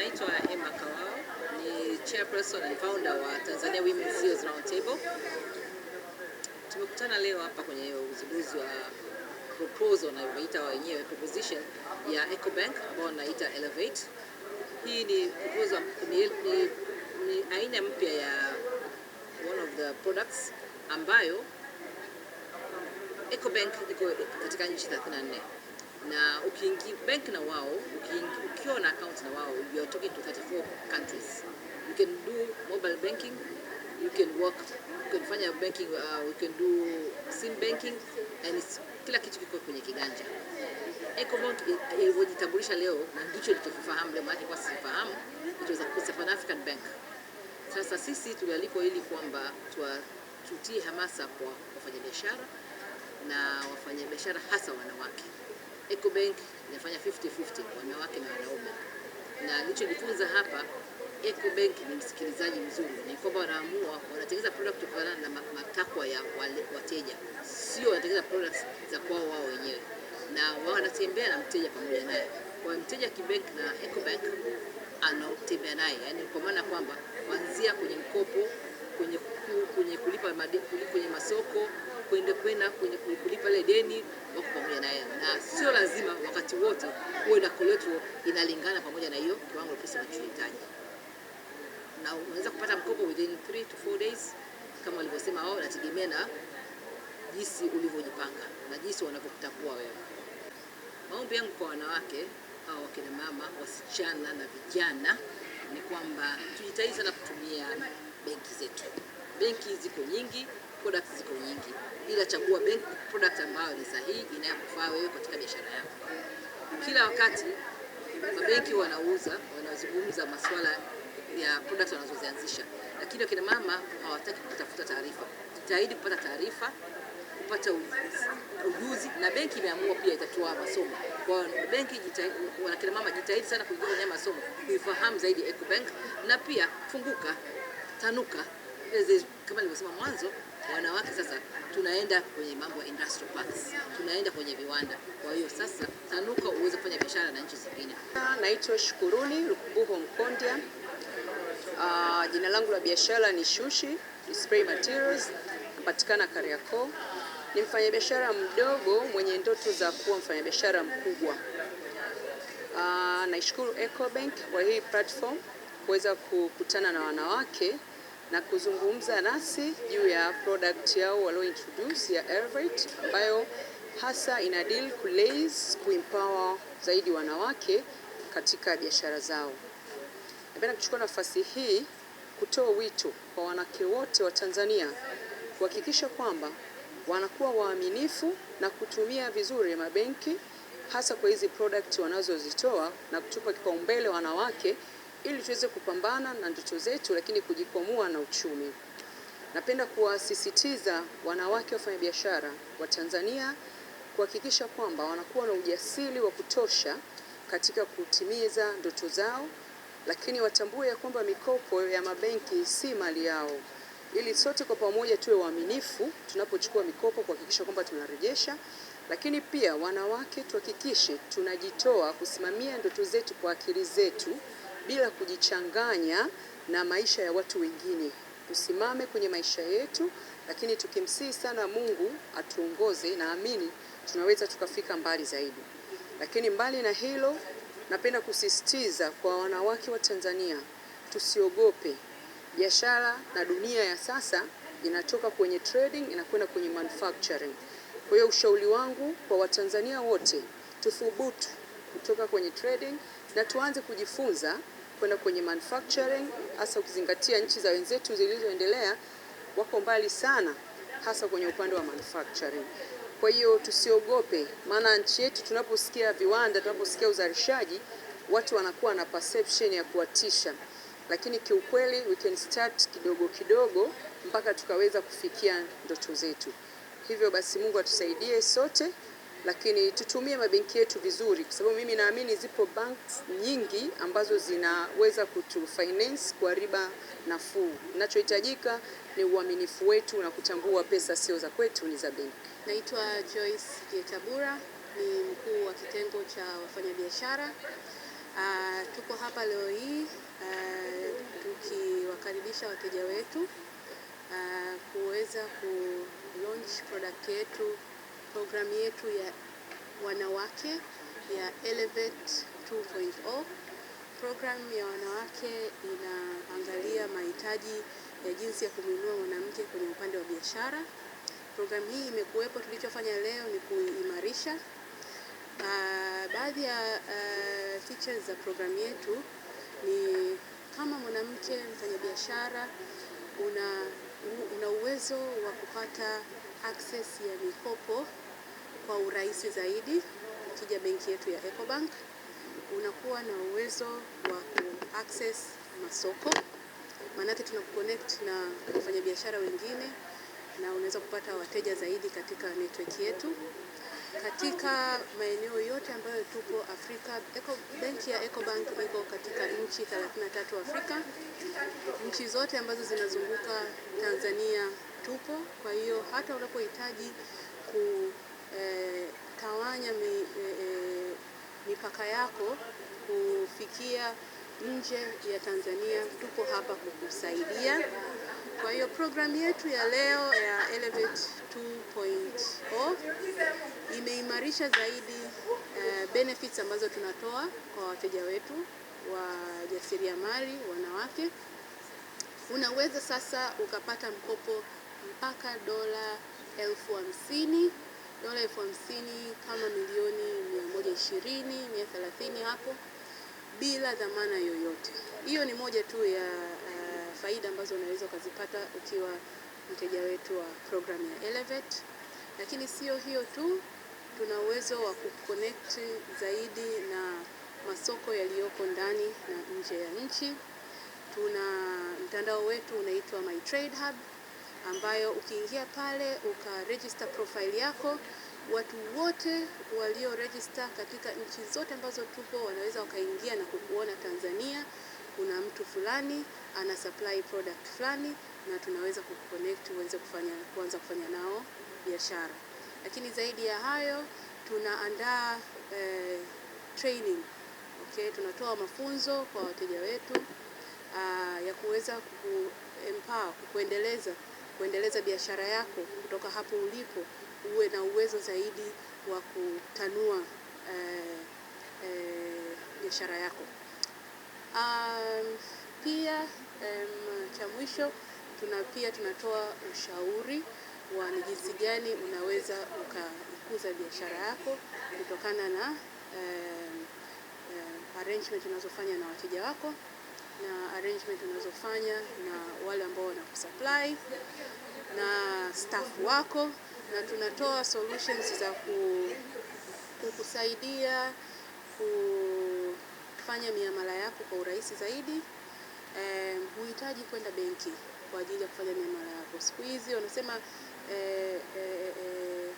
Naitwa Emma Kawao, ni chairperson and founder wa Tanzania Women's CEOs Roundtable. Tumekutana leo hapa kwenye uzinduzi wa proposal na waita wenyewe proposition ya EcoBank ambayo naita Elevate. Hii ni proposal, ni, ni, ni aina mpya ya one of the products ambayo EcoBank iko katika nchi 34 na ukiingia bank na wao ukiwa na account na wao you are talking to 34 countries you can do mobile banking you can work you can fanya banking uh, you can do sim banking and it's, kila kitu kiko kwenye kiganja Ecobank ilivyojitambulisha leo na ndicho nilichofahamu leo, maana kwa sifahamu it was a South African Bank. Sasa sisi tulialikwa ili kwamba tutie hamasa kwa wafanyabiashara na wafanyabiashara hasa wanawake. EcoBank inafanya 50-50 wanawake na wanaume, na nilichojifunza hapa EcoBank ni msikilizaji mzuri, ni kwamba wanaamua wanatengeneza product kutokana na matakwa ya wale, wateja, sio wanatengeneza products za kwao wao wenyewe, na wanatembea na mteja pamoja naye. Kwa mteja KiBank na EcoBank anatembea naye, yani kwa maana kwamba kuanzia kwenye mkopo, kwenye, kwenye kulipa madeni, kwenye masoko kwenda kwenda kwenye kulipa ile deni wako pamoja naye, na sio lazima wakati wote uwe na collateral inalingana pamoja na hiyo kiwango pesa unachohitaji, na unaweza kupata mkopo within 3 to 4 days kama walivyosema wao, nategemea na jinsi ulivyojipanga na jinsi wanavyokutambua wewe. Maombi yangu kwa wanawake au wakina mama, wasichana na vijana ni kwamba tujitahidi sana kutumia benki zetu. Benki ziko nyingi, products ziko nyingi ila chagua bank product ambayo ni sahihi inayokufaa wewe katika biashara yako. Kila wakati mabenki wanauza, wanazungumza masuala ya product wanazozianzisha, lakini wakina mama hawataki kutafuta taarifa. Jitahidi kupata taarifa, kupata ujuzi, na benki imeamua pia itatoa masomo kwa benki. Wakina mama jitahidi sana kujifunza haya masomo, kuifahamu zaidi EcoBank, na pia funguka, tanuka, kama nilivyosema mwanzo wanawake sasa tunaenda kwenye mambo ya industrial parks, tunaenda kwenye viwanda. Kwa hiyo sasa tanuka uweze kufanya biashara na nchi zingine. Naitwa Shukuruni rukubuho Mkondya. Uh, ah, jina langu la biashara ni Shushi Spray Materials, napatikana Kariakoo. Ni mfanyabiashara mdogo mwenye ndoto za kuwa mfanyabiashara mkubwa. Uh, naishukuru Ecobank kwa hii platform kuweza kukutana na wanawake na kuzungumza nasi juu ya product yao walio introduce ya Elevate ambayo hasa ina deal kulaze kuempower zaidi wanawake katika biashara zao. Napenda kuchukua nafasi hii kutoa wito kwa wanawake wote wa Tanzania kuhakikisha kwamba wanakuwa waaminifu na kutumia vizuri mabenki hasa kwa hizi product wanazozitoa na kutupa kipaumbele wanawake ili tuweze kupambana na ndoto zetu, lakini kujikwamua na uchumi. Napenda kuwasisitiza wanawake wafanyabiashara wa Tanzania kuhakikisha kwamba wanakuwa na ujasiri wa kutosha katika kutimiza ndoto zao, lakini watambue ya kwamba mikopo ya mabenki si mali yao, ili sote kwa pamoja tuwe waaminifu tunapochukua mikopo, kuhakikisha kwamba tunarejesha. Lakini pia wanawake, tuhakikishe tunajitoa kusimamia ndoto zetu kwa akili zetu bila kujichanganya na maisha ya watu wengine. Tusimame kwenye maisha yetu, lakini tukimsihi sana Mungu atuongoze, naamini tunaweza tukafika mbali zaidi. Lakini mbali na hilo, napenda kusisitiza kwa wanawake wa Tanzania, tusiogope biashara, na dunia ya sasa inatoka kwenye trading inakwenda kwenye manufacturing. Kwa hiyo ushauri wangu kwa Watanzania wote, tuthubutu kutoka kwenye trading na tuanze kujifunza kwenda kwenye manufacturing, hasa ukizingatia nchi za wenzetu zilizoendelea wako mbali sana, hasa kwenye upande wa manufacturing. Kwa hiyo tusiogope, maana nchi yetu tunaposikia viwanda, tunaposikia uzalishaji, watu wanakuwa na perception ya kuwatisha, lakini kiukweli we can start kidogo kidogo mpaka tukaweza kufikia ndoto zetu. Hivyo basi Mungu atusaidie sote lakini tutumie mabenki yetu vizuri, kwa sababu mimi naamini zipo banks nyingi ambazo zinaweza kutufinance kwa riba nafuu. Kinachohitajika ni uaminifu wetu na kutambua pesa sio za kwetu, ni za benki. Naitwa Joyce Jetabura, ni mkuu wa kitengo cha wafanyabiashara. Ah, tuko hapa leo hii ah, tukiwakaribisha wateja wetu uh, kuweza ku launch product yetu programu yetu ya wanawake ya Elevate 2.0. Programu ya wanawake inaangalia mahitaji ya jinsi ya kumwinua mwanamke kwenye upande wa biashara. Programu hii imekuwepo, tulichofanya leo ni kuimarisha. Uh, baadhi ya uh, features za programu yetu ni kama mwanamke mfanyabiashara una, una uwezo wa kupata access ya mikopo kwa urahisi zaidi. Ukija benki yetu ya Ecobank unakuwa na uwezo wa ku access masoko, maanake tuna connect na wafanyabiashara wengine na unaweza kupata wateja zaidi katika network yetu katika maeneo yote ambayo tupo Afrika. Eco, benki ya Ecobank iko katika nchi 33 Afrika, nchi zote ambazo zinazunguka Tanzania tupo. Kwa hiyo hata unapohitaji kutawanya eh, mi, eh, eh, mipaka yako kufikia nje ya Tanzania, tupo hapa kukusaidia. Kwa hiyo programu yetu ya leo ya Elevate 2.0 imeimarisha zaidi uh, benefits ambazo tunatoa kwa wateja wetu wajasiriamali wanawake. Unaweza sasa ukapata mkopo mpaka dola elfu hamsini dola elfu hamsini kama milioni mia moja ishirini mia thelathini hapo bila dhamana yoyote. Hiyo ni moja tu ya uh, faida ambazo unaweza ukazipata ukiwa mteja wetu wa programu ya Elevate, lakini sio hiyo tu, tuna uwezo wa kuconnect zaidi na masoko yaliyoko ndani na nje ya nchi. Tuna mtandao wetu unaitwa My Trade Hub ambayo ukiingia pale ukaregister profile yako watu wote walio register katika nchi zote ambazo tupo wanaweza wakaingia na kukuona Tanzania kuna mtu fulani ana supply product fulani, na tunaweza kuconnect uweze kufanya kuanza kufanya nao biashara. Lakini zaidi ya hayo tunaandaa eh, training okay, tunatoa mafunzo kwa wateja wetu aa, ah, ya kuweza kuempower kuendeleza kuendeleza biashara yako kutoka hapo ulipo uwe na uwezo zaidi wa kutanua biashara eh, eh, yako. Um, pia um, cha mwisho tuna pia tunatoa ushauri wa ni jinsi gani unaweza ukaikuza biashara yako kutokana na um, um, arrangement unazofanya na wateja wako na arrangement unazofanya na wale ambao wanakusupply na staff wako na tunatoa solutions za kukusaidia kufanya miamala yako kwa urahisi zaidi. Eh, huhitaji kwenda benki kwa ajili ya kufanya miamala yako. Siku hizi wanasema eh, eh, eh,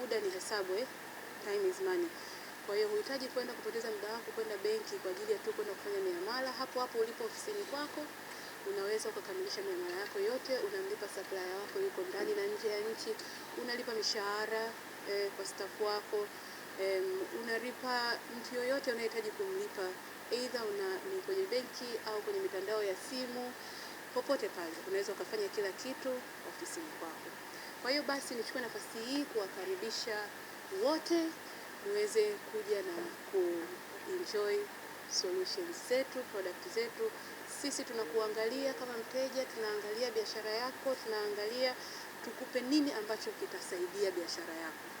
muda ni hesabu eh? Time is money. Kwa hiyo huhitaji kwenda kupoteza muda wako kwenda benki kwa ajili ya tu kwenda kufanya miamala hapo hapo ulipo ofisini kwako unaweza ukakamilisha miamala yako yote, unamlipa supplier wako, yuko ndani na nje ya nchi, unalipa mishahara eh, kwa staff wako eh, unalipa mtu yoyote unahitaji kumlipa, aidha una ni kwenye benki au kwenye mitandao ya simu, popote pale unaweza ukafanya kila kitu ofisini kwako. Kwa hiyo basi, nichukue nafasi hii kuwakaribisha wote muweze kuja na kuenjoy solutions zetu, product zetu sisi tunakuangalia kama mteja, tunaangalia biashara yako, tunaangalia tukupe nini ambacho kitasaidia biashara yako.